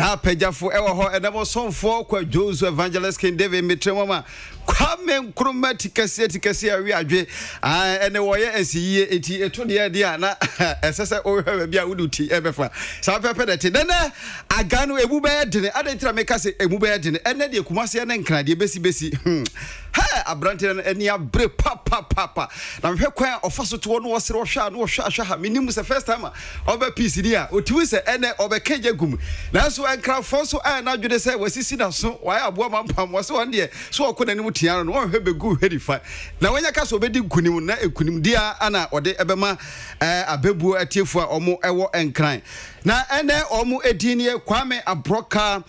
na apagyafo ɛwɔ hɔ ɛnam ɔsɔmfoɔ kwa jose evangelist king david metrɛ mu a kwame nkroma tikɛseɛ tikɛseɛ awi adwe ɛne wɔyɛ asiyie enti ɛto deɛ deɛ a na ɛsɛ sɛ wohwɛ baabi a wode ti ɛbɛfa saa pɛpɛ dɛ te nɛnɛ aga no ɛmu bɛyɛ dene adɛn ntira meka sɛ ɛmu bɛyɛ dene ɛnɛ deɛ kumaseɛ ne nkradeɛ bɛsibɛsi hɛ aberanteɛ no ani abere papapapa na mehwɛ kwan a ɔfa so toɔ no wɔsere ɔhwɛ a na ɔhwɛ ahwɛ ha menim sɛ first time a ɔbɛ piece ni a ɔtumi sɛ ɛnɛ ɔbɛka gya gum nanso nkrafoɔ nso ayɛ no adwene sɛ wasisi na so wayɛ aboa ma mpam wɔ sɛ wɔn deɛ so ɔkɔ n'anim tia no no wɔnhwɛ bɛgu hwɛ na wɔnyɛ ka sɛ ɔbɛdi nkonim na nkonimdia ana ɔde ɛbɛma ɛɛ eh, abɛbuo atiefoɔ a wɔn ɛwɔ nkran na ɛnɛ wɔn edin yɛ kwame aborɔka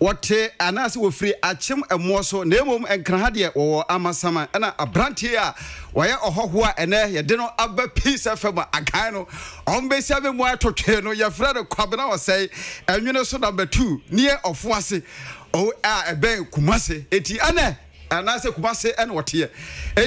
wɔte anaasɛ wɔfiri akyem ɛmoɔ so na mmom nkraha deɛ wɔwɔ amasama ɛna aberanteɛ a wɔyɛ ɔhɔho a ɛnɛ yɛde no aba peace fm a akan no ɔmbɛsia me mu atotwee no yɛfrɛ no kwabena ɔsɛe ɛnwene so number two neɛ ɔfo ase ɛbɛn kumase ɛti ɛnɛ anaasɛ kumase ɛna ɔteɛ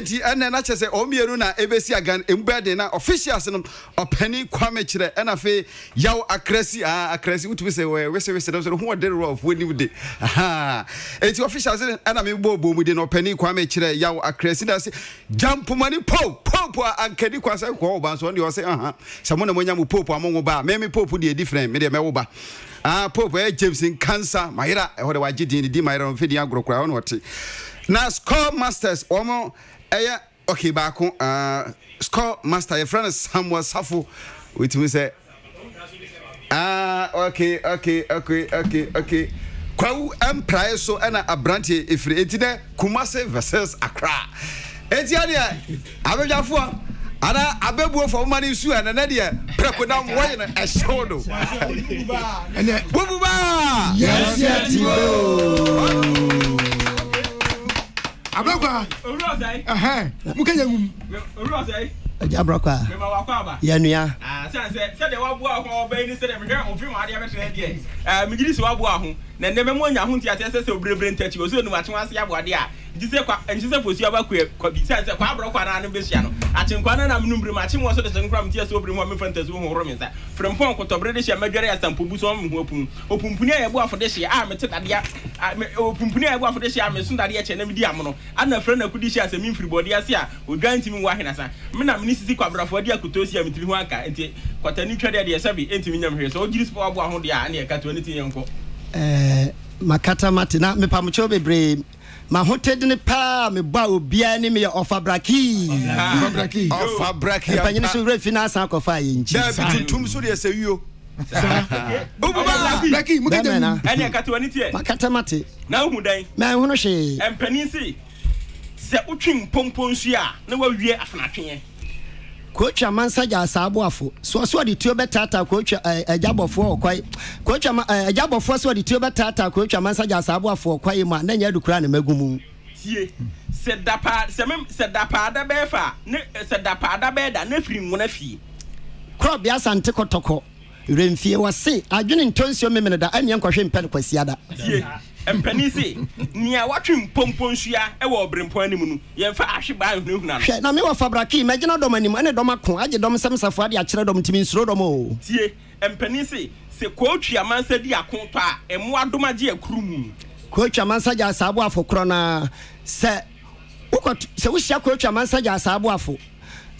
nti ɛnna ɛna kyerɛ sɛ ɔmo mmienu na ebesi agan emu na officials no ɔpɛni kwame kyerɛ ɛna afei yaw akrɛsi aa akrɛsi wotumi sɛ wɔyɛ wɛsɛ dɛm sɛ ɔmo ɔde rɔ ɔfo de ahaa nti officials no ɛna mi bɔ bɔ mu de na ɔpɛni kwame kyerɛ yaw akrɛsi na se jampomani pow pow a ankani kwasa kɔɔ ɔba nso ɔno ɔsɛ ɛhan sɛ mo na mo nya mo pow ŋo ba mɛmi pow pow deɛ different mi deɛ mɛwo ba aa ah, pow pow eh, ɛyɛ james nkansa mayera ɛhɔ in wagye din ne di mayera ɔmfɛ eh, din agorɔ koraa ɔno what. na score masters wɔn ɛyɛ okay baako uh, score master yɛfrɛ no samuel safo wetumi sɛ ah okay okay okay okay okay kwawu mpraeɛ so ɛna aberanteɛ ɛfiri eti dɛ kumase versus akra eti enti adeɛ abɛdwafoɔ ana abɛbuo fɔ ɔma ne nsu a nana deɛ prɛkodam wɔyɛ no ɛhyew no bubu baa yɛsiɛ ti abrakwa mu kɛnyɛ wum ɛgya abrakwa yɛnua sɛdeɛ waboa ho ɔbɛyi ne sɛdeɛ mehwɛ ɔmfim adeɛ bɛtena deɛ megye di sɛ waboa ho na nnɛmɛ mu anya ho nti aseɛ sɛ sɛ obirebire ntakyi osi onum akye ho ase aboade a nti sɛ kwa nti sɛ fosi aba kɔ kɔ bi sɛ sɛ kwa aborɔ kwa naa no bɛhyia no akyenkwa na nam numbere mu akye mu ɔsɔ de sɛ nkura mu ti sɛ obiri mu a mefa ntasi ho horo mi nsa firempɔn kɔtɔbere de hyɛ mɛdware asampo bu so ɔmo ho opum opumpuni a yɛbu afɔ de hyɛ a mete dadeɛ a me opumpuni a yɛbu afɔ de hyɛ a me so dadeɛ kyɛ na mi di amono ana fira na kudi hyɛ asɛmi mfiri bɔde ase a odwa ntumi wɔ ahenasa me na me ne sisi kwabrafo de akoto si a metumi ho anka nti kɔtani twa deɛ deɛ sɛbi ntumi nyam hwɛ sɛ ogyiri sɛ Eh, makata mate na mepamokyɛw bebree mahotedene paa mebɔ a obiaa ne meyɛ ɔfabraki ɔfabrakiɛpanyine so werɛ fi no asan kɔfa a yɛnkyi tuntum so deɛ sɛ wio makata mate mahono hwee sɛ wotwe mpompo nsu a na wawie afanatweɛ coach amansa gya asaaboafo so so de tuo bɛtaataa coach agyabɔfoɔ ɔkwae coach ama agyabɔfoɔ so de tuo bɛtaataa coach amansa gya asaaboafo ɔkwae mu a na nyɛ adukura ne magu mu tie sɛ dapa sɛ mem sɛ dapaada bɛɛ fa ne eh, sɛ dapaada bɛɛ da ne firi nwona fie korɔ bia sante kɔtɔkɔ remfie wɔ se adwene ntɔnsuo memene da ɛneɛ nkɔhwe mpɛ no kwasiada tie mpanin se nea watwe mpompo wɔ ɔbrɛmpɔn anim no yɛmfa ahwe baa nhunahuna no hwɛ na mewɔ fabraki magyina dɔm anim ɛne dɔm ako agye dɔm sɛm safoa de akyerɛ dɔm ntimi nsuro dɔm o tie mpanin se sɛ kootwi amansa di ako tɔ a ɛmmoa dom agye akuru mu kootwi amansa gye asaabo afo korɔ na sɛ wokɔ sɛ wohyia kootwi amansa gye asaabo afo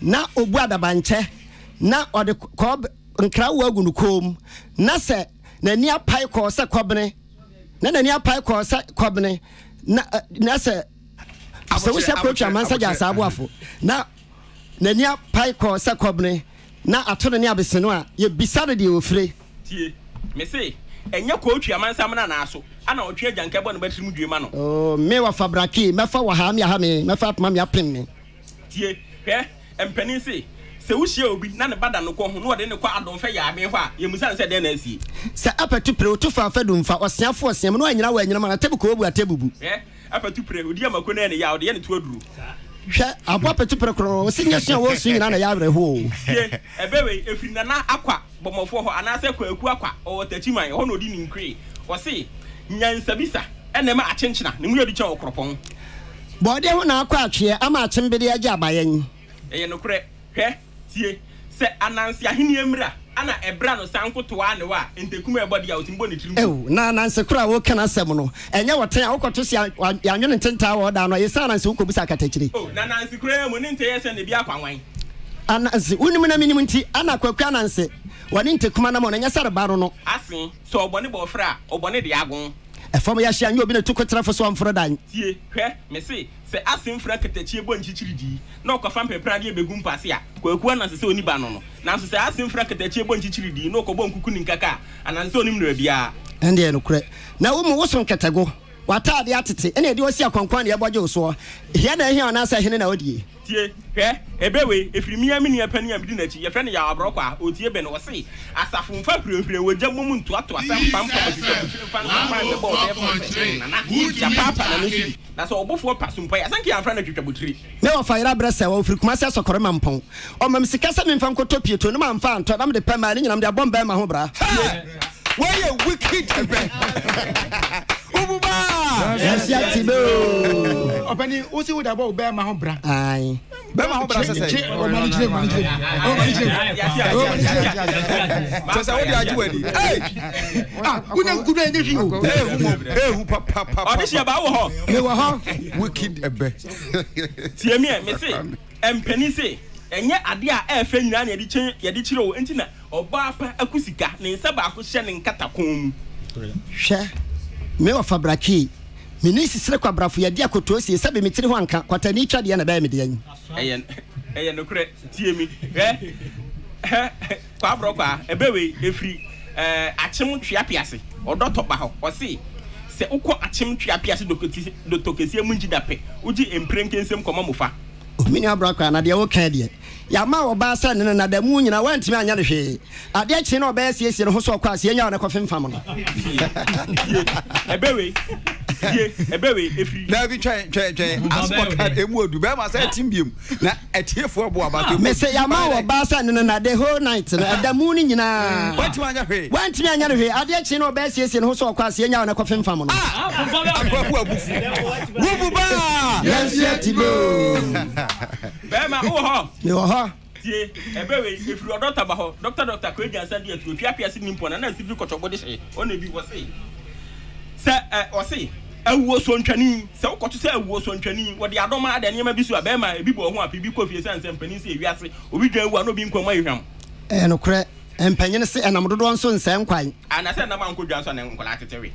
na obu adabankyɛ na ɔde kɔb nkra wo agu no kom na sɛ n'ani apae kɔɔ sɛ kɔbene na n'ani apae kɔ sɛ kɔbene na eh, na sɛ sɛ wohyɛ program ansa gya saa aboafo na n'ani apae kɔ sɛ kɔbene na ato ne ne abese no a yɛbisa no deɛ wɔfire tie me se ɛnyɛ kɔɔtwi amansam no anaaso ana ɔtwe agyanka bɔ ne bɛtiri mu dwuma no oh, me wafa brake mɛfa wɔ ha me aha me mɛfa apoma me apem me tie hwɛ mpanin se sɛ wohyia obi na ne bada no kɔ ho na ɔde ne kɔ adɔmfɛ yaabe hɔ a yɛmusa ne sɛ dɛn na asi sɛ apɛto pere woto faamfa domfa ɔseafo ɔseam na wanyina wanyinam ana tabu kɔɔbu apɛto pere amako no a ɔde yɛ ne to hwɛ apɛto pere korɔ nyɛ sua wɔsu na ɛfiri nana akwa bɔmmɔfoɔ hɔ anaasɛ kwaaku akwa ɔwɔ na ɔdi ɔse nyansabisa akyenkyena ne mu na akɔ tie sɛ anansi ahenia mmira ana ɛbra no san kotoa ne wa ntekum ɛbɔ de a otim bɔ ne tirim. ewu na anansi kura wo kana asɛm no ɛnyɛ wɔtɛn a wokɔto si yanwe ne ntenta wɔ da no yɛsɛ anansi wokɔ bisa akatakyire. o oh, na anansi kura mu ne ntɛ yɛ sɛ ne bi akwanwan. anansi wunim na minim nti ana akwakuo anansi wɔne ntekuma nam ɔno nyɛ sɛ reba no no. asin sɛ ɔbɔ ne a fira ɔbɔ ne de agun. ɛfam yɛ ahyia nyɛ obi ne to kɔtena fo so amforɔ dan tie hwɛ me se sɛ ase mfra katakyie bɔ nkyikyiri dii na ɔkɔfa mpɛpra deɛ bɛgu mpase a kwakuwa nanse sɛ ɔni ba no no nanso sɛ ase mfra katakyie bɔ nkyikyiri dii na ɔkɔbɔ nkuku ne nkaka a ananse ɔnim no biara ɛndeɛ nokorɛ na wo mu woso w'ataade atete ɛna ɛde ɔsi akɔnkɔn na ɛbɔ gye soɔ hia na ɛhia ɔnaasɛ hene na ɔdie. tie hwɛ ebewe efiri miya mi ni ɛpɛ ni ɛmidi n'akyi yɛfrɛ no yɛ aborɔkɔ a otie bɛn ɔse asafo nfa pirepire wogya mu mu ntoatoa sɛ mpa mpa ɔsisɛ nfa nfa nfa bɔ ɔbɛ fɔ sɛ nana yapaapa na ne firi na sɛ ɔbɔfoɔ pa so mpa yɛ asanke yɛ afra na twitwa botire. ne wɔfa yɛrɛ abrɛ sɛ wɔfiri kumasi asɔkɔrɔ ma mpɔn ɔmam sika sɛ mi nfa nkɔtɔ pieto ne ma nfa ntɔ nam de pɛ maa ne nyinam de abɔ mbɛn ma ho bra. wɔyɛ wikid pɛ yasi ati bɛ o. ɔpɛni o si wo dabɔ o bɛɛ ma hɔn bra. ayi. bɛɛ ma hɔn bra sɛsɛ. cɛ o mani cɛ o mani cɛ o oh, mani cɛ o oh, mani cɛ. sɛsɛ o de y'a juwɛ di. ee a ko ne kun bɛ ne fi o. ee hun mo ee hun pa pa pa. ɔbi b'a wɔ hɔ. ne wɔ hɔ. wikid ɛbɛ. tiɲɛ miɛ mɛ se ɛnpɛni se ɛnyɛ adeɛ a ɛɛfɛ nyinaa na yɛde kyerɛ o nti na ɔbaa pa aku sika ne nsa baako hyɛ ne nkata fabraki mene sisire kwabrafo yɛde akotoo sie sɛ bemetiri ho anka kwatani twa deɛ na ɛbɛyɛ medeɛ yi ɛyɛ nokorɛ tie mi kwaborɔ kwa ɛbɛwei ɛfiri akyem tweapease ɔdɔ tɔba hɔ ɔse sɛ wokɔ akyem tweapease dɔtɔkɛsiɛ mu ngyi dapɛ wogye mprɛnkɛnsɛm kɔma mofa omini abra kwa na deɛ woka deɛ yɛama ɔbaa sɛ ne na da mu nyina woantumi anyɛ no hwee adeɛ kyere na ɔbɛyɛ siesie no ho sɛ ɔkɔ aseɛ nya wo ne kɔfemfam no ɛbɛwei tie ɛbɛ wei efiri. daabi twɛn twɛn twɛn asopɔ card emu odu bɛɛ ma sɛ ɛti mbiem na ɛtiefoɔ bu abate. mese yamma wɔ baasa nínú na the whole night na ɛdamu ni nyinaa. Mm. wantumi anya hwee. wantumi anya hwee adeɛ kyi na ɔbɛ siesie ne ho sɛ ɔkɔ ase enya ɔna kɔfin fam no. Ah! akɔfu abufu wubu baa. yansi ati bo. bɛɛma wò hɔ. mi wɔ hɔ. tie ɛbɛ wei efiri ɔdɔ taba hɔ dɔkita dɔkita ko ejan sadi etu opi apiasi nimpɔ na na esifiri kɔtɔbɔ de hyɛ ɔna ebi wɔ se sɛ ɛ ɔse awuo so ntwani sɛ wokɔto sɛ awuo so ntwani wɔde adɔm ada nneɛma bi so a bɛrima ebi bɔ ho a ebi kɔ fie sɛ nsɛm panin sɛ ewiase obi dwan awua na obi nkɔm ayɛ hwam. ɛɛ nokorɛ mpanyin se ɛnam dodoɔ nso nsɛn kwan. anasɛ nam ankodwa nso ne nkɔla tetewe.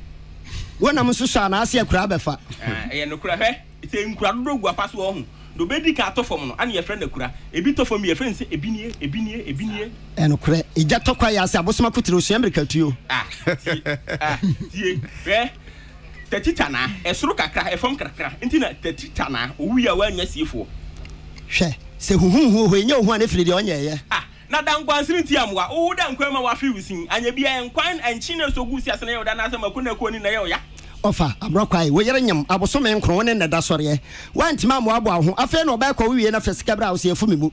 wɔnam nso so anaasɛ akura bɛfa. ɛyɛ nokorɛ hɛ sɛ nkura dodoɔ gu afa so wɔ ho na obedi ka no ana yɛfrɛ no ebi tɔ fam yɛfrɛ no ebi nie ebi nie ebi nie. ɛnokorɛ ìjà tɔkwa yɛ ase abosoma kutiri osua mmirika tuo. Ah, tie hɛ ah, tati tana ɛsoro kakra ɛfam kakra nti na tati tana owu a wanya siefoɔ. hwɛ sɛ huhum huhu enye ohun a ne ɔnyɛ yɛ. ah na dankwansiri nti amoa owu dankwan ma wafi wusin anya bi nkwan nkyin na so gu si asene yɛ ɔda n'asɛm ako na ko ni na yɛ ɔya. ɔfa aborɔkwae wɔyere nyam abosome nkron ne nnɛda sɔreɛ woantimi amoaboa wo ho afei na ɔbɛkɔ wowie na fɛ sika berɛ a wo mu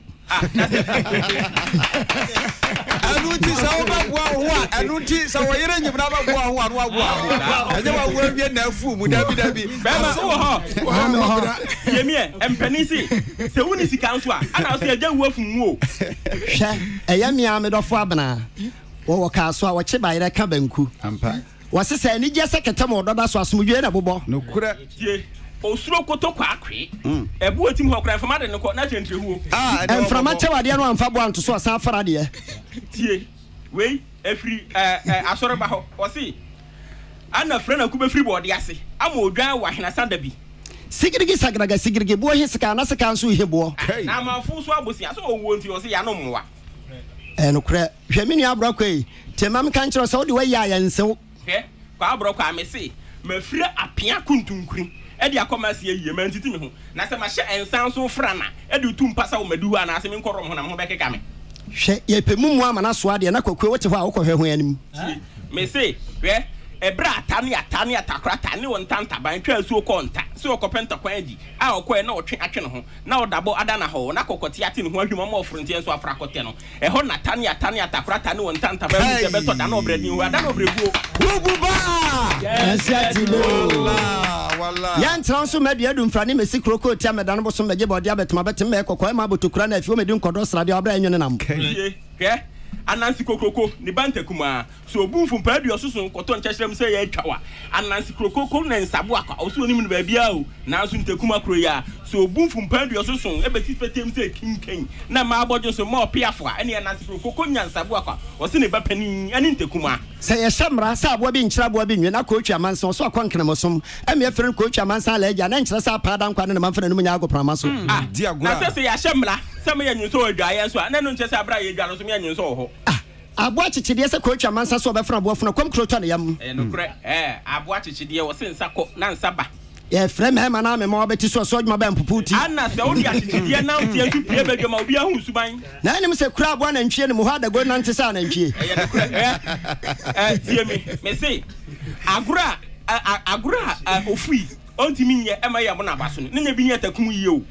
ɛnu ti sɛ ɔba bu ahu a ɛnu ti sɛ ɔyere nyimina ba bu ahu anu abu ahu ɛnyɛ wa wu ewie na efu mu dabi dabi. bɛɛma so wɔ hɔ yemiɛ mpanin si sɛ wu ni sika nso a ana sɛ ɛgya wu efun mu o. hwɛ ɛyɛ mmea mi dɔfo abena wɔwɔ kaa so a wɔkye bayerɛ ka banku wɔsesɛ anigye sɛ kɛtɛ ma ɔdɔda so asomdwe na bobɔ. nukurɛ osuro koto kwakwe ɛbu mm. otim hɔ kora mframa de ne kɔ na ah, kyɛ ntrɛhuo mframa kyɛw adeɛ no amfa boa nto so ɔsan fara deɛ tie wei afiri eh, eh, asɔre ba hɔ ɔse ana frɛ na kubɛfiri bɔɔde ase ama odwan wɔ ahenasa da bi sigirigi sagiraga sigirigi boɔ he sika na sika nso he boɔ na amanfo so abosea sɛ ɔwuo nti ɔse yɛano mmoa ɛnokorɛ eh, hwɛ me nua aborɔkɔ yi nti ma meka nkyerɛ sɛ wode wayɛ a yɛnsew kɔ aborɔkɔ a mese mafiri apea ɛde akɔma si yie ma ntiti mi ho na sɛ ma hyɛ nsa nso fra na ɛde tu mpa sa wɔn adiwo a na asɛm nkɔrɔ ho na mo bɛkeka mi. hwɛ yɛpɛ mu mu ama na so adeɛ na kwakue wɔte hɔ a wokɔhwɛ ho anim. mɛ se hwɛ ɛbrɛ ata ne ata ne atakora ata ne wɔ nta ntaban twa asuo kɔ nta sɛ ɔkɔpɛ ntakwan adi a ɔkɔɛ na ɔtwe atwe ne ho na ɔdabɔ ada na hɔ na kɔkɔte ate ne ho ahwim ama ɔforonteɛ nso afra akɔtɛ no ɛhɔ na ata ne ata ne atakora ata ne wɔ nta ntaban mu sɛ ɛbɛtɔ da na ɔbrɛ din hɔ ada na ɔbrɛ guo bubu baa ɛsɛ ati bo yɛntena nso mɛdeɛ adu mfra ne mɛsi kuro kɔ tia mɛda no bosom mɛgye bɔde abɛtoma bɛtem mɛɛkɔkɔ ɛma abotokora na afio mɛdi nkɔdɔ sradeɛ ɔbrɛ ɛnwene nam anansi kokoko ne ba ntakumaa so obu mfumpa aduɔ soso nkɔtɔ nkyɛkyerɛ mu sɛ yɛatwa wa anansi kokoko ne nsaboa kwa ɔso onim no baabi a o nanso ntakuma kuro yi a sɛ obu mfumpan dua so son ɛbɛti pɛtɛm sɛ kinkan na ma abɔdwo so ma ɔpe afoa ɛne ɛnasepro koko nyansabo akwa ɔse ne bɛpanin ɛne ntakuma sɛ yɛhyɛ mmara sɛ aboa bi nkyerɛ aboa bi nwe na kootwi amansan ɔso akɔ nkramɔsom ɛmeɛ fere no kootwi amansan ala agya na nkyerɛ sɛ apaa da nkwa ne ne mamfa nanom nyɛ agoprama so hmm. ah, na sɛ sɛ yɛahyɛ mmara sɛ meyɛ nwunsɛ wɔ adwaeɛ so a na no nkyɛ sɛ abrɛ a yɛdwa no so meyɛ nwunsɛ wɔ hɔ ah, aboa kyekyedeɛ sɛ kootwa mansa so ɔbɛfra aboafono kɔm kuro tɔ ne yam nokorɛ aboa kyekyedeɛ wɔ se nsa kɔ na nsa ba yɛfrɛ mɛɛma na mema wobɛte so ɔsɛ adwuma bɛ mpopo ti ana sɛ wode akyekyedeɛ nam teɛ so pie badwama obi ahu suban na ɛnim sɛ kura aboa nantwie no mu hɔ adago nante sɛ anantwie tie me mese agorɔ a agorɔ a ofui ɔntumi nyɛ ɛma yɛ mo naba so no ne nya bi nyɛ takum yie o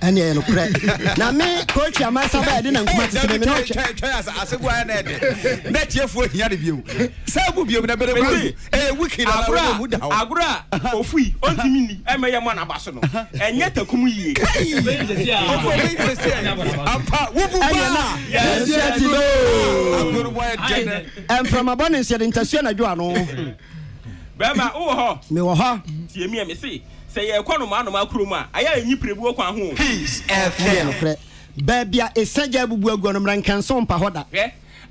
ɛne ɛyɛ nokorɛ na me koakyi amasa ba ɛde na nkuma te sɛ meneasɛgoa na ɛde na tiefoɔ hia ne bio sɛ bu biom na bɛde wikinaagorɔ a ɔfui ɔntumi ni ɛma yɛ mo naba so no ɛnyɛ takum yie ɛmframabɔ ne nhyɛde ntasua nadwoa no bɛrima wowɔ hɔ mewɔ hɔ tie mi a me se sɛ yɛrekɔ noma anoma kurom a ayɛ ɛnyi pirebuo kwan ho nokorɛ baabi a ɛsagya abubu agua no mmra nkanso mpa hɔ da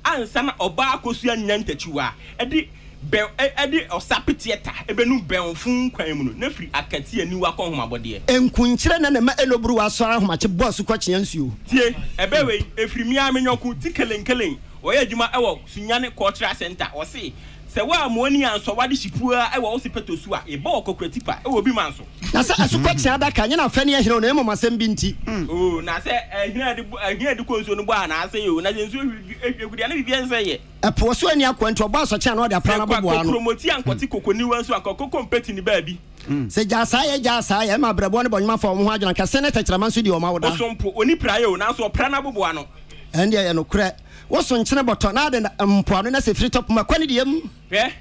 ansa na ɔbaa akɔsua nnya ntakyiwa ɛde bɛn ɛde ɔsapeteɛ ta ebɛnu bɛnfun kwan mu no n'efiri akɛte aniwa kɔ homabɔdeɛ. nkunkyerɛ na nama eloburu wa asɔre ahomakye bɔɔsu kɔkyea nsuo. tie ɛbɛwɛ efiri miame nyɔku ti kelenkelen wɔyɛ adwuma ɛwɔ sunyane cultural center ɔsi sɛ wo a mo ani ansɔ wade hyipua ɛwɔ wo sepɛtɔ so a ɛbɔ wɔ kɔkura tipa ɛwɔ bi ma nso na sɛ ɛso kɔkyea adaka nyɛ na fɛ ne ɛhene wo na ɛmom asɛm bi nti hmm. na sɛ ɛhene de kɔ nsuo no bɔ a naasɛ yɛ na sɛ nsuo ɛgudea eh, ne biribiɛ nsɛ yɛ ɛpoɔ so ani akɔ nti ɔbɔ asɔkyea na ɔde apra no bɔboa no kuromoti ankɔte hmm. kokoniwa nso akɔkɔ kɔmpɛti ne baabi hmm. sɛ gya saa yɛ gya saa yɛ ma abrɛbɔ ne bɔnwoma fa ɔmo ho adwena kɛsɛ ne tɛkyerɛma nso deɛ ɔma wo da ɔsompo onipraeɛ o nanso ɔpra no aboboa no ɛndeɛ yɛ nokorɛ woso nkyene bɔtɔ na ade mpoano na sɛ firi tɔp ma kwane deɛ mu hwɛ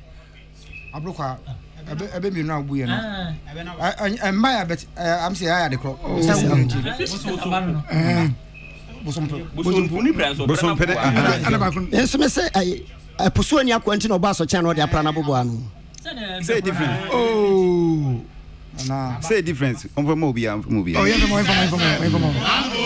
abrokɔ a ɛbɛ mmienu a wobuyɛ no ah. mma am sɛ ɛyɛ ade korɔ oh. nso me sɛ ɛposoɔ ni akoa nti na ɔbɔ asɔkyea na ɔde apra no aboboa no sɛ difference sɛ difference ɔmfama obiaa mfama obiaa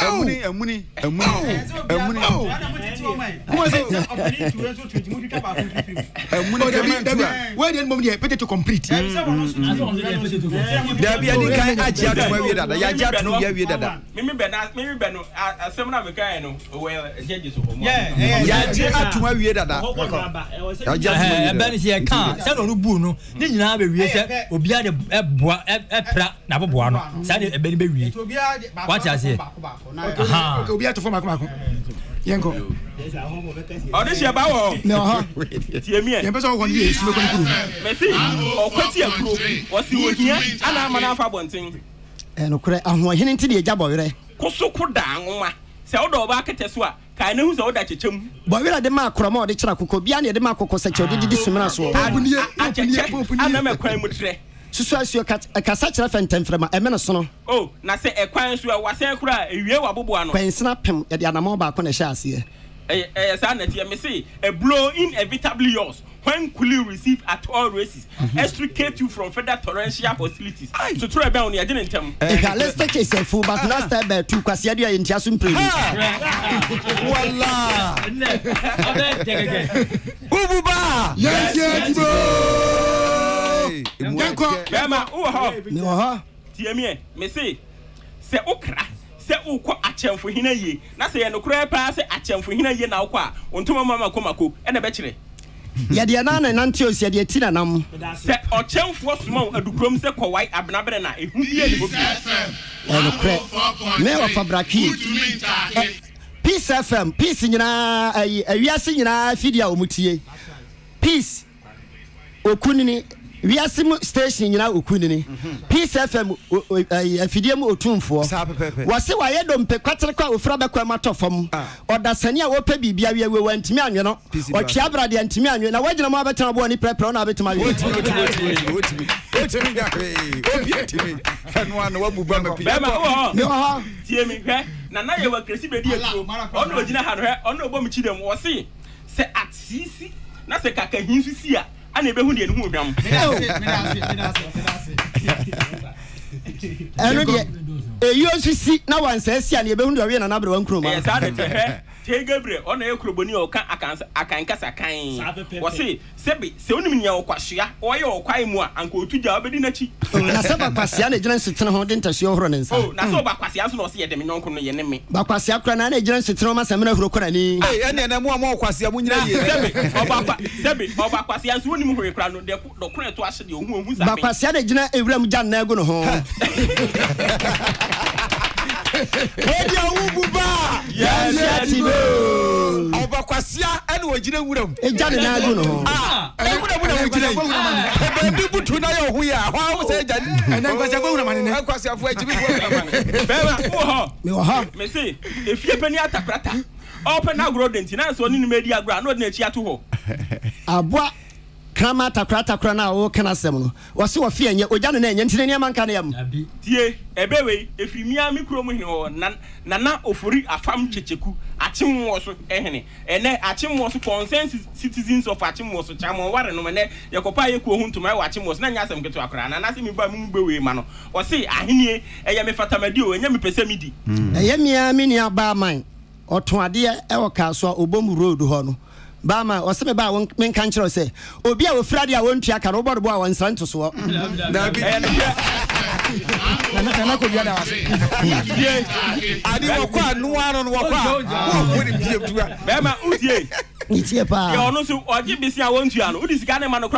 ɛmuni ɛmuni ɛmuni ɛmuni ɛmuni dabi dabi wɛrɛ de ni mɔmu de yɛ pete to complete. dabi ani ka aji atuma wiye dada yaji eh, atuma wiye eh, dada. mimi bɛ na mimi bɛ no asɛm na mi ka yɛ no o wɛ ɛjɛ jesu kɔ mɔ. yaji atuma wiye dada yaji atuma wiye dada. ɛbɛn sɛ kan sani olu b'u nu ni nyinaa bɛ wiye eh, sɛ obiara de ɛ bua ɛ pira n'a bɛ bua nɔ sani ɛbɛn bɛ wiye waati a se obi ato fɔ makomako yɛn kɔ. ɔde si ɛba wɔ. ne ɔhɔ tiɛ miɛ. yɛn pɛ sɛ ɔkɔ ni yɛ esimɛ kɔni kuro. mɛsi ɔkɔ tiɛ kuro ɔsi wohiɛ ana ama n'afa abɔnten. ɛnukurɛ ahoɔhene ti de ɛgya bɔwerɛ. kosoko daa nwoma sɛ ɔdɔ ɔba akɛtɛ so a kae ne ho sɛ woda kyekyɛm bɔwerɛ de ma akorɔma ɔde kyerɛ akokɔ bia ne yɛde ma akokɔ sɛ kyɛ ɔde didi sumina soɔ akyɛkyɛ anam ɛkwan mu trɛ susu asuo kasa kyerɛ fɛntɛnfrɛma ɛmɛ ne sono. o na sɛ ɛkwan so a wasɛn kura ewie wa bobo ano. kwɛnsena pɛm yɛde anamɔ baako na ɛhyɛ aseɛ. ɛyɛ saa nɛti ɛmɛ se a blow inevitably yours when kuli receive at all races mhm. extricate you from further torrential hostilities. sotoro ɛbɛn o ni ɛdi ni ntɛm. Eh, Let's take a step full but last time ɛɛ eh, tu kwasi ɛdi ɛyɛ ntia so mpire. wala. bubu ba. yɛn ti ɛ denkɔ bɛrima wowɔ hɔ mewɔ hɔ tie mese sɛ wokra sɛ wokɔ akyɛmfohena yie na sɛ yɛ paa sɛ akyɛmfohena yie na wokɔ oh eh, eh, eh, a ontoma ma makomako ɛna ɛbɛkyerɛ yɛdeɛ na ne nante osi yɛdeɛ ti nanam sɛ ɔkyɛmfoɔ soma adukurom sɛ kɔwae abenaberɛ na ɛhu me wɔfa brakee peace fm peace nyinaa ayi awiase nyinaa afidie a wɔmutie peace okunini wiase mu station nyina oku nini peace fm eh, afidie mu otumfoɔ wɔse wayɛ dompe kwatere kɔ ah. a ofura bɛkɔ ɛma tɔ fam ɔdasani a wɔpɛ biribi awie awie wa ntumi anwe no ɔtwea brade ntumi anwe na wagyina mu abɛtena boɔ ne prɛprɛ ɔna abɛtumi awie nana yɛ wɔ kresi bɛdi atuo ɔna ogyina ha no hɛ ɔna ɔbɔ mu kyi dɛm wɔse sɛ atisi na sɛ kaka nso si a ana ebehu deɛ ne ho odwam ɛno deɛ ɛyi osisi na wansɛ si a ne yɛbɛhu deɛ ɔwɛ nana abrɛ wa nkuroma saa de tɛhɛ tee gabriel ɔna yɛ kuroboni a ɔka akankasa kan wɔsi sɛbi sɛ onim nea ɔkwasua ɔyɛ ɔkwae mu a anka otu gya ɔbɛdi n'akyi. Oh, na sɛ bakwasia na gyina nsetena ho de ntɛsi ɔhoro ne nsa. Oh, na sɛ bakwasia nso na ɔsi yɛ dɛm no yɛ me. bakwasia kura na na gyina nsetena ɔma sɛmina huro kora ni. ee ɛni ɛnɛ mu a mu ɔkwasia mu nyina yie. sɛbi ɔbakwa sɛbi ɔbakwasia nso onim hore kura no dɔkuna ɛto ahyɛ de ohun ohun sami. bakwasia na gyina ewuram gya nnago ne ho. ɛdi awu bu yɛn si ati bɛ. ɔbɔkwasia ɛni wɔ gyina wura mu. eja ni n'a gun no hɔ. ɛnɛ wura mu na wɔ gyina yi bɛɛbi butu na yɛ ɔhu yɛ a hɔn awo sɛ ɛja ni. ɛnɛ nkwasia ko wura ma ni nɛ. nkwasia fo ɛji bi fo wura ma ni. bɛɛba wɔ hɔ. mi wɔ hɔ. mɛ se efie pɛ ni atakurata ɔpɛ n'agorɔ dɛnti n'a yɛ sɔ ni numu edi agorɔ a n'o di n'ekyi ato hɔ. aboa. krama takora takora na awo kana sɛm no wɔsi wɔ fi ɛnyɛ na ntina nneɛma nka ne yam. tie ɛbɛ wei efi mia mi kurom hin wɔ afam kyekyeku so ɛhene citizens of so ɛnɛ yɛkɔpa ho ntoma ɛwɔ na asɛm na mi ba mu bɛ wei ma no wɔsi ahenie ɛyɛ mi fatamadi o ɛnyɛ mi mi di. ɛyɛ mia mi ni baama ɔsɛmɛ ba wɔn menka nkyerɛ sɛ obi a wofira de a wɔntua ka no wobɔdobɔ a wɔnsra ntosoɔ ade wɔkɔ a noa no no wɔkɔ a wɔwɔ ne bie tua bɛrima wotie bisi a wɔntua no wode sika ne ma na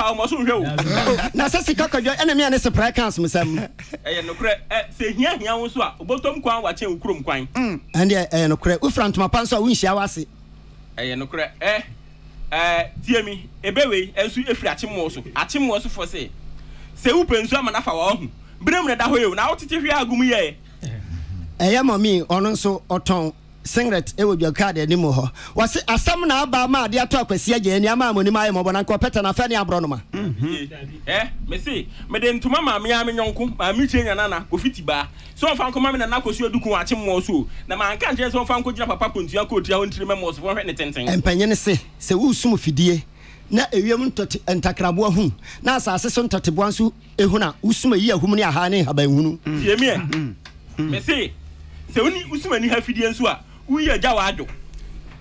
sɛ sika kɔdwa ɛna mea ne sepra kans m sɛm ɛyɛ nokorɛ sɛ hia hia wo so a wobɔtɔm kwan wakyɛn wo kurom kwan mm. ɛndeɛ ɛyɛ nokorɛ wofira ntoma pa nso a wonhyia wo ase ɛɛ eh, tie mi ebe wei nso efiri akyemmoɔ so akyemmoɔ so fo se sɛ wupɛ nsu ama nafa wɔn ho birem na da hɔ yɛ o na awotete hwɛ agum yɛ. ɛyɛ eh, eh, mɔmi ɔno nso ɔtɔn singlet ɛwɔ dwa kaa deɛ anim hɔ na aba ama ato akwasi ya ani ama amoni maa yɛ mɔbɔ na nkɔ na ne aborɔ ma. Eh, mede ntoma maame ya me nyɔnko maame tie kofi baa sɛ nkɔma nana so na maa nka sɛ wɔn fa papa hɔ ntiri hwɛ ne tenten. mpanyin se sɛ fidie na ewiem ntɔte ntakraboa hu na asase so ntɔteboa nso ahum a wúyẹ gya wàá jọ.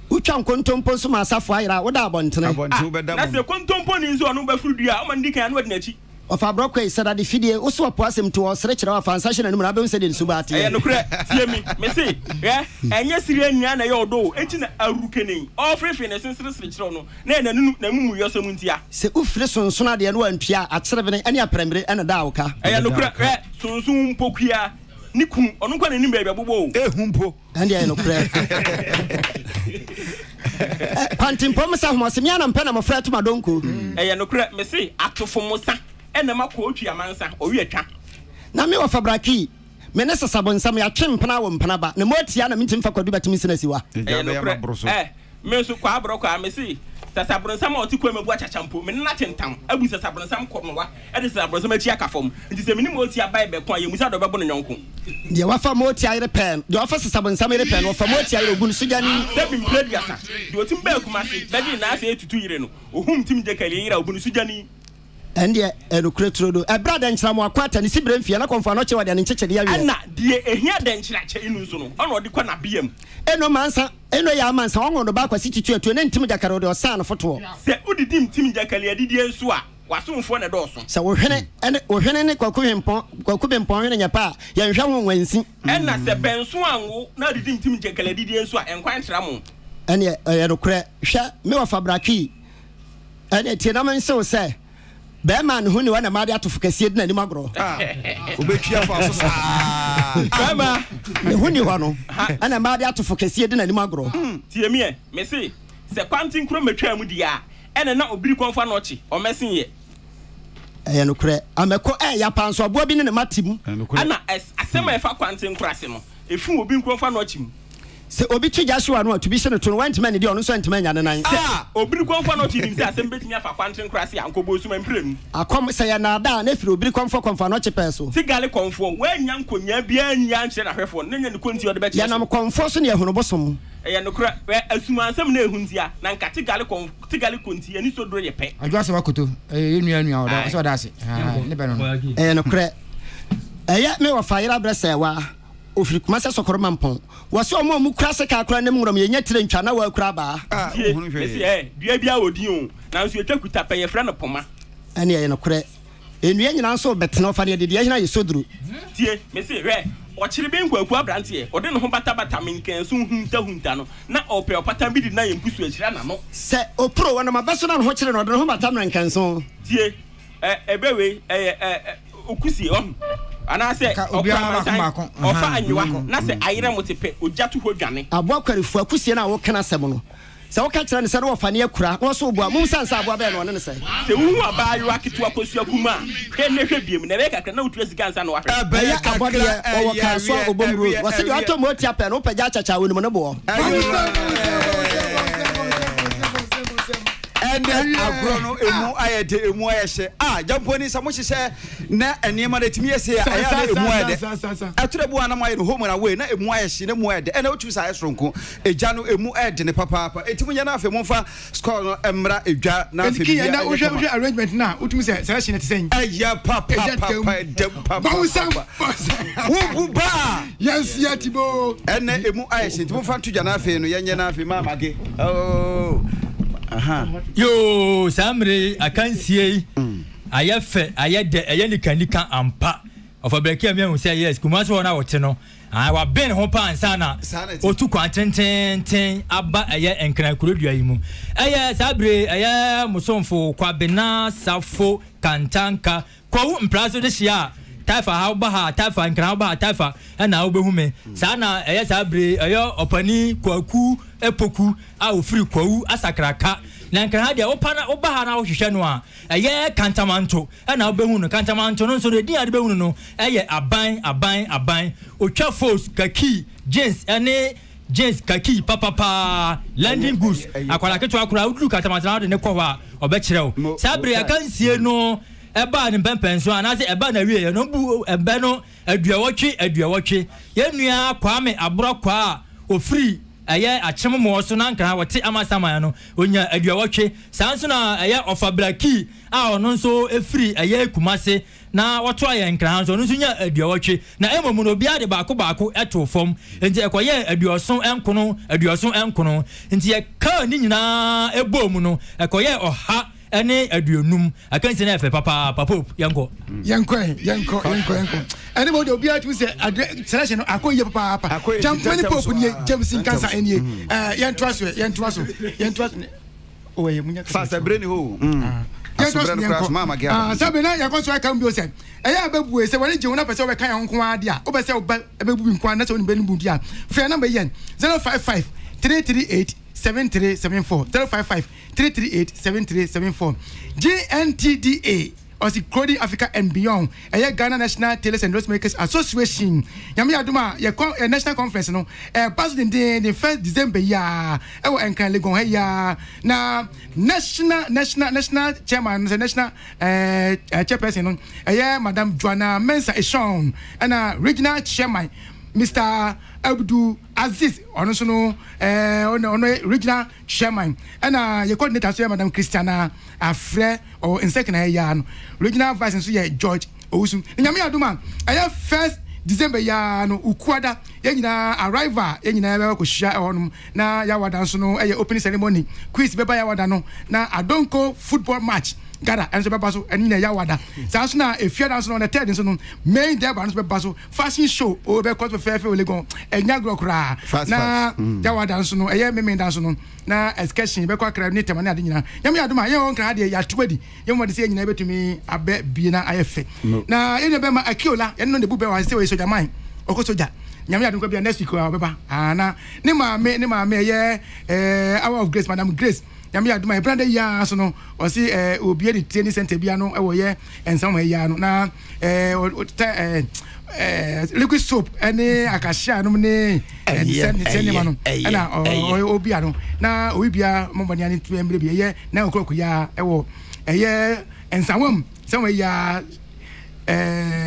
wotwa nkontompo nso ma asafo ayera woda abɔntene ah, nasɛ kontompo ne nso ɔno bɛforo dua ɔma ndi kan ano ɔde n'akyi ɔfa aborɔkɔ yi sɛ dade fidie wo so wɔpo asɛm to ɔsere kyerɛ wafa nsa hyɛ n'anim na abɛhu sɛ de nsu baateɛ ɛyɛ nokorɛ tie mi mese ɛ ɛnyɛ siri nnua na ɛyɛ ɔdɔ o ɛkyi na arukenei ɔfrefre ne senseresere kyerɛ no na ɛyɛ nanunu namumu yɛsɛ mu ntia sɛ wofiri sonsono adeɛ no wantua akyerɛbene ɛne aprɛmbere ɛne da wo ka ɛyɛ nokorɛ ɛ sonsom mpokua ne kun ɔno nkwa n'anim baabi abobɔ o ehu mpo ɛnde ayɛ nokorɛ pantempɔ eh, mu sa homɔse mea na na mɔfrɛ to hmm. ɛyɛ nokorɛ mese atofo mo sa ɛna ma kɔ amansa ɔwi twa na me wɔfa braki me ne sasabonsam yɛatwe mpena wɔ mpena ba na moatia na mentimi fa kwadu bɛtumi sena siwa ɛyɛ nokorɛ eh, me nso kɔ aborɔ kɔ a mese sasabronsam a ɔte kwan mu abu akyakya mpo mene na tentam abu sasabronsam kɔmɔwa ɛde sasabronsam akyi aka fam nti sɛ menim ɔti abae bɛko a yɛmusa dɔ bɛbo no nyɔnko deɛ wafa ma ɔti ayere pɛn deɛ wafa sasabronsam yere pɛn wɔfa ma ɔti ayere ogu no sogya ne sɛ bimpire duasa deɛ ɔtim bɛɛ kumase bɛde nyinaa sɛ ɛtutu yere no ɔhum tim gyekali yere a obu no sogya ne ɛndeɛ ɛnukure turo do ɛbra dɛnkyerɛ akɔ atani si nfiɛ na kɔnfɔ anɔ kyɛw adeɛ ne nkyɛkyɛ deɛ awie. ɛna deɛ ehia dɛnkyerɛ akyɛ inu so no ɔna ɔde kɔ n'abiya mu. eno mansa eno yɛ amansa wɔn ɔno ba asi tutu etu ne ntim jakare ɔde ɔsan ne fotoɔ. sɛ wodidi ntim jakare adidiɛ nso a wasomfoɔ na dɔɔso. sɛ wohwene ɛne wohwene ne kɔkɔ mpɔn kɔkɔ bi mpɔn hwene nyɛ pa a yɛnhwɛ ho wɔn nsi. ɛna sɛ bɛnso anwo na adidi ntim jakare adidiɛ nso a nkwan kyerɛ mo. ɛneɛ ɛyɛ nokorɛ fabraki ɛneɛ tie na bɛrima ne ho ne wɔnam ade atofo kɛseɛ di n'anim agorɔ wobɛtwia ah. fa so saa bɛrima ne ho ne hɔ no ɛna ma ade atofo kɛseɛ di n'anim agorɔ hmm. tiemiɛ mese sɛ kwante nkuro mɛtwaa mu deɛ a ɛne na obiri kɔmfa no ɔkye ɔmɛsen yɛ ɛyɛ nokorɛ amɛkɔ ɛyɛ apansoaboa bi ne ne mate mu ana asɛm a ɛfa kwante nkoro ase no ɛfim obi nkuro mfa no mu sɛ obi tu gya hyewa no a tubi hye no to no wantuma ne deɛ ɔno nso antuma anya ne nan ah, obiri kɔmfɔ no ɔkyi nim sɛ asɛm bɛtumi afa kwantene kora se ankɔbɔ suma mprɛ mu akɔm sɛ yɛ naadaa a na firi obiri kɔmfɔ kɔmfa no ɔkye pɛɛ so sigale kɔmfoɔ woanya nkonnyaa biaa nnya nkyerɛ nahwɛfoɔ na nya ne kɔnti ɔde bɛkyerɛ yɛnam kɔmfoɔ so ne yɛhunobosom ɛyɛ nokorɛ asumansɛm na ɛhu ntia na nka tigale kɔnti ani so doro yɛ pɛ adwoa sɛ wakoto ɛyɛ nua nua ɔdɔ sɛ ɔda ase ah, ne bɛ no ɛyɛ nokorɛ ɛyɛ me wɔfa yerɛ abrɛ sɛ waa ofiri kumase sɔkɔrɔ ma pɔn wɔsi ɔmo a mu kura se kaa kura ne mu wɔrɔ yɛnyɛ tire ntwa na wɔakura baa. Ah, eh, dua bi a odi o nanso etwa kuta pɛ yɛfrɛ no pɔma. ɛni ɛyɛ nokorɛ enua nyinaa nso bɛtena ɔfa ne yɛde deɛ ɛhyɛn ayɛ soduro. tie mesi hwɛ ɔkyere bi nkuaku aberanteɛ ɔde ne ho batabata mi nkɛnso huntahunta no na ɔpɛ ɔpata bi de na yɛ mpusu akyira n'ano. sɛ opuro wɔn nama bɛso na ne ho kyerɛ no ɔde ne ho bata mi nkɛnso. tie ɛ ɛbɛwe ɛyɛ ɛ okusi ɔhun anaasɛ ɔkɔmasan ɔfa anyiwa na sɛ mm. ayerɛ mo te pɛ ogya to hɔ dwane. aboa kwarefo akusie na awokana asɛm no sɛ woka kyerɛ ne sɛ ne wɔfa ne akura na ɔso boa mom sane sɛ aboa bɛɛ na ɔne ne sɛ sɛ wohu abaayewa ketewa kɔsua ku a hwɛ ne hwɛ biam na ɛbɛyɛ kakra na wotura sika nsa na wahwɛ ɛyɛ abɔdeɛ ɔwɔ kaa so a ɔbɔm road wɔ sɛdeɛ watɔ ma ɔtia pɛ no wopɛgya akyakya wɔ nim ne boɔ ɛnɛ agorɔ no ah. emu ayɛ de emu ayɛ hyɛ a ah, jampo ni samu hyehyɛ na nneɛma de tumi ese a ɛyɛ ale emu ayɛ dɛ ɛtura bu anam ayɛ no home na wei na emu ayɛ hye na emu ayɛ dɛ ɛnna otu sa ayɛ soronko egya no emu ayɛ de ne papaapa eti mu yɛ na mu fa score no ɛmra edwa na bi yɛ ɛyɛ kama ɛnti arrangement na o tumi sɛ sɛ ɛhyɛ ne ti sɛn yoo saa mmiri akansie yi ayɛ fɛ ayɛ dɛ ɛyɛ nikanika ampa ɔfɔbɛrɛkɛ mi ɛhun sɛ yes kumasi wɔn a wɔte no wabɛn ho paa nsa na otu oh, kwan tententen aba ɛyɛ nkrankuro dua yi mu ɛyɛ saa bere ɛyɛ musonfo kwabena safo kantanka kɔwu mpira de hyia taifa ha ɔba ha taifa nkran ɔba ha taifa ɛna ɔbɛhu mi saa na ɛyɛ saa bere ɛyɛ ɔpani kwaku epoku a ofiri kwawu asakraka na nkran deɛ wopa na woba ha na wohwehwɛ no a ɛyɛ kantamanto ɛna wobɛhu no kantamanto no nso no ɛdin ade bɛhu no no ɛyɛ aban aban aban otwa fos kaki jeans ɛne jeans kaki papapaa landing goods akwara ketewa koraa woduru kantamanto na wode ne kɔ hɔ a ɔbɛkyerɛ wo saa bere ɛka nsie no ɛbaa ne mpɛmpɛn so anaasɛ ɛbaa na wieɛ no bu ɛbɛ no aduawɔtwe aduawɔtwe yɛn nua kwame aboro kwaa ofiri ɛyɛ akyem mɔɔ so na nkran wɔte amasaman no onya aduawɔtwe saa nso na ɛyɛ ɔfabraki a ɔno nso efiri ɛyɛ kumase na wɔto ayɛ nkran so ɔno nso nya aduawɔtwe na emom no obiara de baako baako ɛto fam nti ɛkɔyɛ aduɔson ɛnkono aduɔson ɛnkono nti ɛkaa ne nyinaa ebom no ɛkɔyɛ ɔha ɛne aduonum akansi no yɛ fɛ papa papa yɛnkɔ yɛnkɔ yɛnkɔ yɛnkɔ yɛnkɔ ɛne ma de obiara tumi sɛ adre selection no akɔ yie papaapa jampani pope nie james nkansa ɛnie yɛntoa so yɛntoa so yɛntoa so ɔwɔ yɛ munya fasa bere ne ho sɛbi na yɛkɔ so aka m bio sɛ ɛyɛ a bɛbue sɛ wɔne gye wo na pɛ sɛ wobɛka yɛ ho nko ara deɛ a wobɛ sɛ wobɛbu nko a na sɛ wone bɛno bu di a frɛ namba yɛn 055 338 seven three seven four zero five five three three eight seven three seven four GNTDA ɔsi Clothing Africa and Beyond ɛyɛ Ghana National Tailors and Dressmakers Association nyame aduma yɛ kɔn ɛ national conference no eh, pass so denden de first December yaa ɛwɔ Nkran Legon hɛ yaa na national national national chairman no sɛ national ɛɛ eh, ɛɛ eh, chairperson no ɛyɛ Madam Joanna Mensah Eshawn ɛna uh, regional chairman Mr abdu aziz ɔno nso no ɛɛ ɔno regional chairman ɛna yɛ coordinator nso yɛ madam christiana afrɛ ɔwɔ nsɛkina yɛ yaa no regional vice nso yɛ george owusu nyame adum a ɛyɛ first december yaa no ukuada yɛn nyinaa arrival yɛn nyinaa bɛ kɔhyia ɛhɔnom na yawada nso no ɛyɛ opening ceremony quiz bɛba yawada no na adonko football match ghana ɛno nso bɛba so ɛno nyina ɛyɛ awada saa so na efia da nso no ɔna tɛɛd nso no main dɛba no nso bɛba so fashion show o bɛkɔ so fɛɛfɛ wele gɔn ɛnya gorɔ koraa na yawada nso no ɛyɛ meme da nso no na excursion bɛkɔ akra ne tɛmɛ ne ade nyina nyame yɛ adoma yɛn wɔn nkra deɛ yɛatoa di yɛn wɔn de sɛ nyina bɛtumi abɛ bie na ayɛ fɛ na yɛn bɛma akiola yɛn no ne bu bɛ wa sɛ wɔyɛ sogya man ɔkɔ sogya nyame adunkwa bia next week ɔbɛba ana ne maame ne maame ɛyɛ ɛɛ hour of grace madam grace nyame aduma ɛbrɛ da yiaa so no ɔse eh, ɛɛ obie ne tie ne sɛnta bia no ɛwɔ yɛ ɛnsɛm wɔ yiaa na ɛɛ ɔtɛ ɛɛ ɛɛ liquid soap ɛne akahyia nom ne eh, ɛsɛ nneɛma no ɛna ɔyɛ obia no na oyi bia mɔmɔdenya ne tu ɛmbrɛ bi ɛyɛ na okuroko yiaa ɛwɔ ɛyɛ ɛnsawam sɛn wɔ yiaa ɛɛ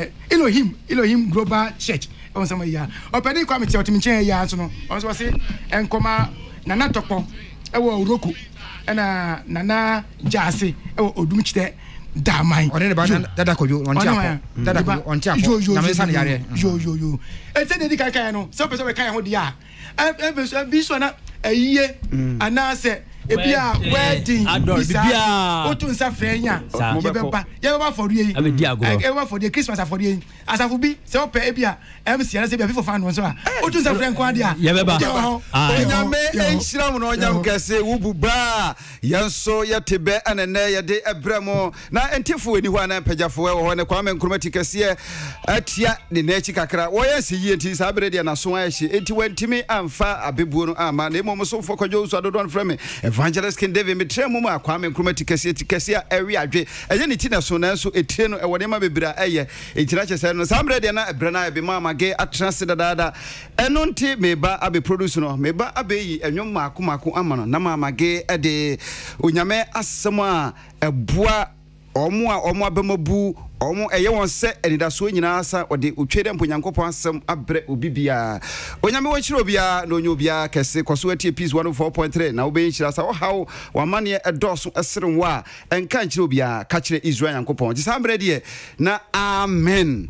eh, elohim elohim global church ɛwɔ sɛn wɔ yiaa ɔpɛni kwame kyɛ ɔtɛmɛkyɛn yiaa nso no ɔno nana tɔkpɔ ɛwɔ oroko ɛna nana gyaase ɛwɔ odum kyerɛ daaman. ɔne de ba dada kojú ɔn ti akɔ dada kojú ɔn ti akɔ nyame san yare. yo yo yo ɛsɛ de di kan kan yɛ no sɛ o pɛ sɛ o bɛ kan yɛ ho di yɛ a ɛbi sɔ na ɛyie mm. anaasɛ ebi a wedding bisa o tun nsa fẹ yan yẹ bẹ ba yẹ bẹ ba fọdu ye yẹ bẹ ba fọdu ye christmas afọdu ye asafo bi sẹ pẹ ebi a mc yẹrẹ sẹ bi a bi fọ fan nọ so a o tun nsa fẹ nkọ adi a yẹ bẹ ba ah, onyame ehyira mu na onyam kɛse wubu baa yɛn so yɛte bɛ ɛnɛnɛ yɛde ɛbrɛ mu na ntifo eni hɔ anan pɛgyafo ɛwɔ hɔ ne kwame nkuruma ti kɛseɛ ɛtia ne n'akyi kakra wɔyɛ nsi yie nti saa abere deɛ n'aso ayɛ hyɛ eti wɔntumi amfa abebuo no ama na emu ɔmo so fɔ kɔjɔ osu adodoɔ no fɛ mi evangelist king david metrɛ mu mu a kwame nkroma ti kɛseɛ ti kɛseɛ a ɛwe adwe ɛnyɛ ne ti na so nanso ɛtire no ɛwɔ nneɛma bebree a ɛyɛ ɛnkyina kyɛ sɛ no saa mmerɛ na ɛberɛ no a ɛbi ma amage atena se dadaada ɛno nte meba abe produce no meba abɛyi ɛnwom maako maako ama no na amage ɛde onyame asɛm a ɛboa ɔmo a ɔmo abɛmabu ɔmo ɛyɛ wɔn sɛ anidasoɔ nyinaa sa ɔde otwe dɛ mpo asɛm abrɛ obi biara onyame wɔnhyerɛ obiara na ɔnyɛ obiara kɛse kɔ so atie peace 104.3 na wobɛyɛ sa ɔhaw wamanneɛ ɛdɔɔso ɛsere wo a ɛnka nkyerɛ ka kyerɛ israel nyankopɔn gye saa mmerɛ deɛ na amen